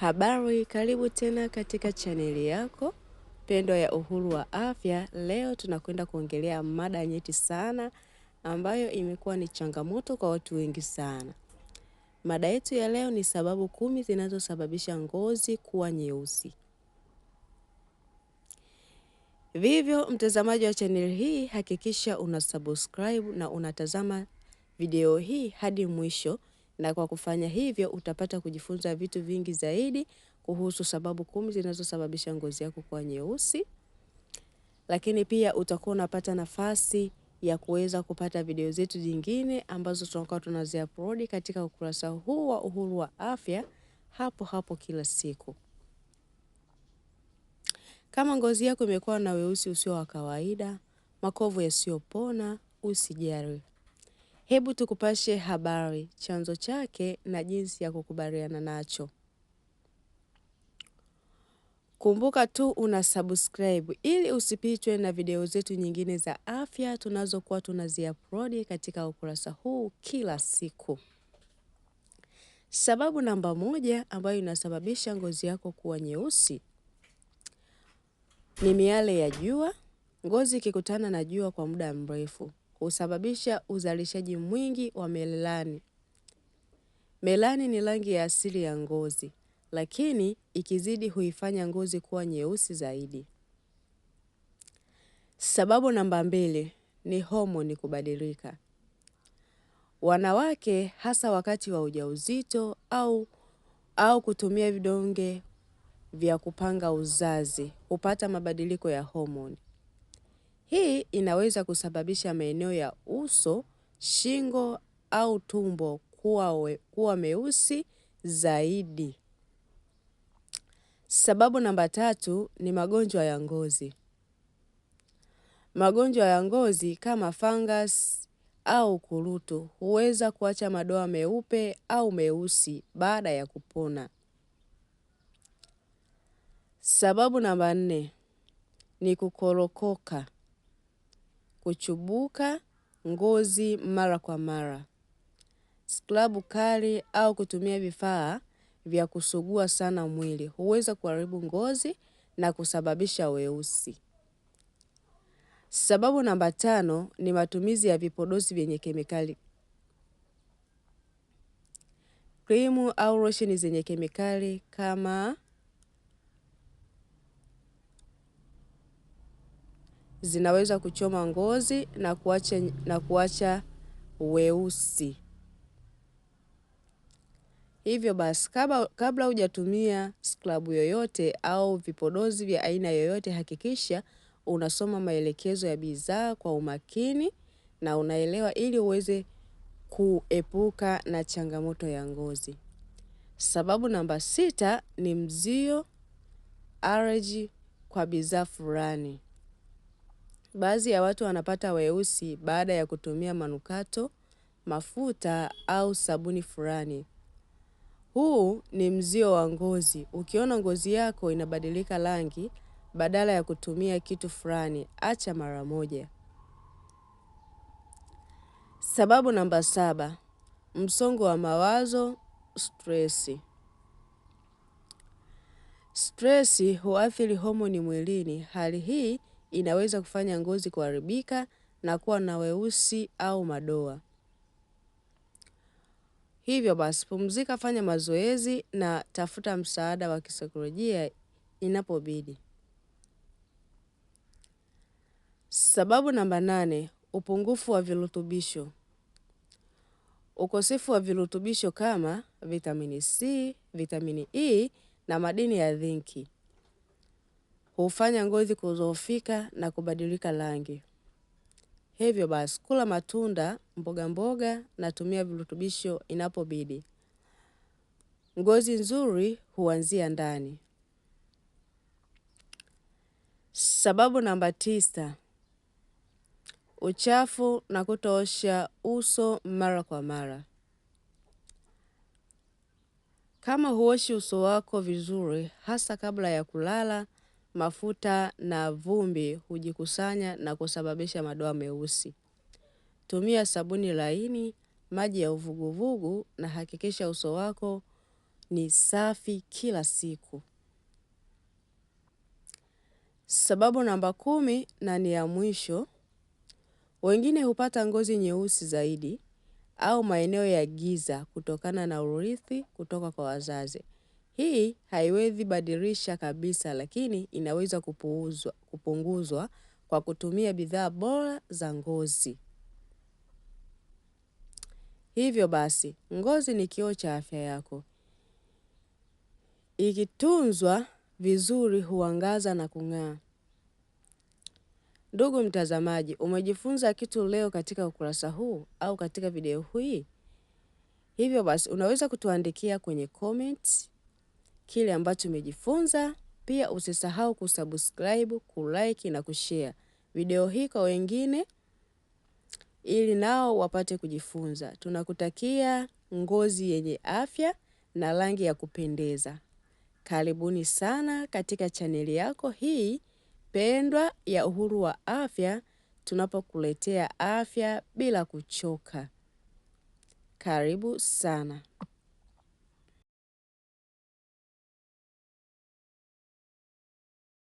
Habari, karibu tena katika chaneli yako pendwa ya Uhuru wa Afya. Leo tunakwenda kuongelea mada nyeti sana ambayo imekuwa ni changamoto kwa watu wengi sana. Mada yetu ya leo ni sababu kumi zinazosababisha ngozi kuwa nyeusi. Vivyo mtazamaji wa chaneli hii, hakikisha una subscribe na unatazama video hii hadi mwisho na kwa kufanya hivyo utapata kujifunza vitu vingi zaidi kuhusu sababu kumi zinazosababisha ngozi yako kuwa nyeusi. Lakini pia utakuwa unapata nafasi ya kuweza kupata video zetu zingine ambazo tunakuwa tunaziupload katika ukurasa huu wa Uhuru wa Afya hapo hapo kila siku. Kama ngozi yako imekuwa na weusi usio wa kawaida, makovu yasiyopona, usijali. Hebu tukupashe habari, chanzo chake na jinsi ya kukubaliana nacho. Kumbuka tu una subscribe ili usipitwe na video zetu nyingine za afya tunazokuwa tunaziaplodi katika ukurasa huu kila siku. Sababu namba moja ambayo inasababisha ngozi yako kuwa nyeusi ni miale ya jua. Ngozi ikikutana na jua kwa muda mrefu husababisha uzalishaji mwingi wa melani. Melani ni rangi ya asili ya ngozi, lakini ikizidi huifanya ngozi kuwa nyeusi zaidi. Sababu namba mbili ni homoni kubadilika. Wanawake hasa wakati wa ujauzito au, au kutumia vidonge vya kupanga uzazi hupata mabadiliko ya homoni. Hii inaweza kusababisha maeneo ya uso, shingo au tumbo kuwa, we, kuwa meusi zaidi. Sababu namba tatu ni magonjwa ya ngozi. Magonjwa ya ngozi kama fungus au kurutu huweza kuacha madoa meupe au meusi baada ya kupona. Sababu namba nne ni kukorokoka kuchubuka ngozi mara kwa mara, sklabu kali au kutumia vifaa vya kusugua sana mwili huweza kuharibu ngozi na kusababisha weusi. Sababu namba tano ni matumizi ya vipodozi vyenye kemikali. Krimu au losheni zenye kemikali kama zinaweza kuchoma ngozi na kuacha, na kuacha weusi. Hivyo basi kabla, kabla hujatumia skrabu yoyote au vipodozi vya aina yoyote, hakikisha unasoma maelekezo ya bidhaa kwa umakini na unaelewa ili uweze kuepuka na changamoto ya ngozi. Sababu namba sita ni mzio, allergy kwa bidhaa fulani. Baadhi ya watu wanapata weusi baada ya kutumia manukato, mafuta au sabuni fulani. Huu ni mzio wa ngozi. Ukiona ngozi yako inabadilika rangi badala ya kutumia kitu fulani, acha mara moja. Sababu namba saba: msongo wa mawazo, stresi. Stresi huathiri homoni mwilini. Hali hii inaweza kufanya ngozi kuharibika na kuwa na weusi au madoa. Hivyo basi, pumzika, fanya mazoezi na tafuta msaada wa kisaikolojia inapobidi. Sababu namba nane: upungufu wa virutubisho. Ukosefu wa virutubisho kama vitamini C, vitamini E na madini ya zinki hufanya ngozi kuzoofika na kubadilika rangi. Hivyo basi kula matunda, mboga mboga na tumia virutubisho inapobidi. Ngozi nzuri huanzia ndani. Sababu namba tisa: uchafu na kutoosha uso mara kwa mara. Kama huoshi uso wako vizuri, hasa kabla ya kulala mafuta na vumbi hujikusanya na kusababisha madoa meusi. Tumia sabuni laini, maji ya uvuguvugu na hakikisha uso wako ni safi kila siku. Sababu namba kumi na ni ya mwisho, wengine hupata ngozi nyeusi zaidi au maeneo ya giza kutokana na urithi kutoka kwa wazazi. Hii haiwezi badilisha kabisa lakini inaweza kupuuzwa, kupunguzwa kwa kutumia bidhaa bora za ngozi. Hivyo basi, ngozi ni kioo cha afya yako. Ikitunzwa vizuri huangaza na kung'aa. Ndugu mtazamaji, umejifunza kitu leo katika ukurasa huu au katika video hii? Hivyo basi, unaweza kutuandikia kwenye comments kile ambacho umejifunza. Pia usisahau kusubscribe, kulike na kushare video hii kwa wengine, ili nao wapate kujifunza. Tunakutakia ngozi yenye afya na rangi ya kupendeza. Karibuni sana katika chaneli yako hii pendwa ya Uhuru wa Afya, tunapokuletea afya bila kuchoka. Karibu sana.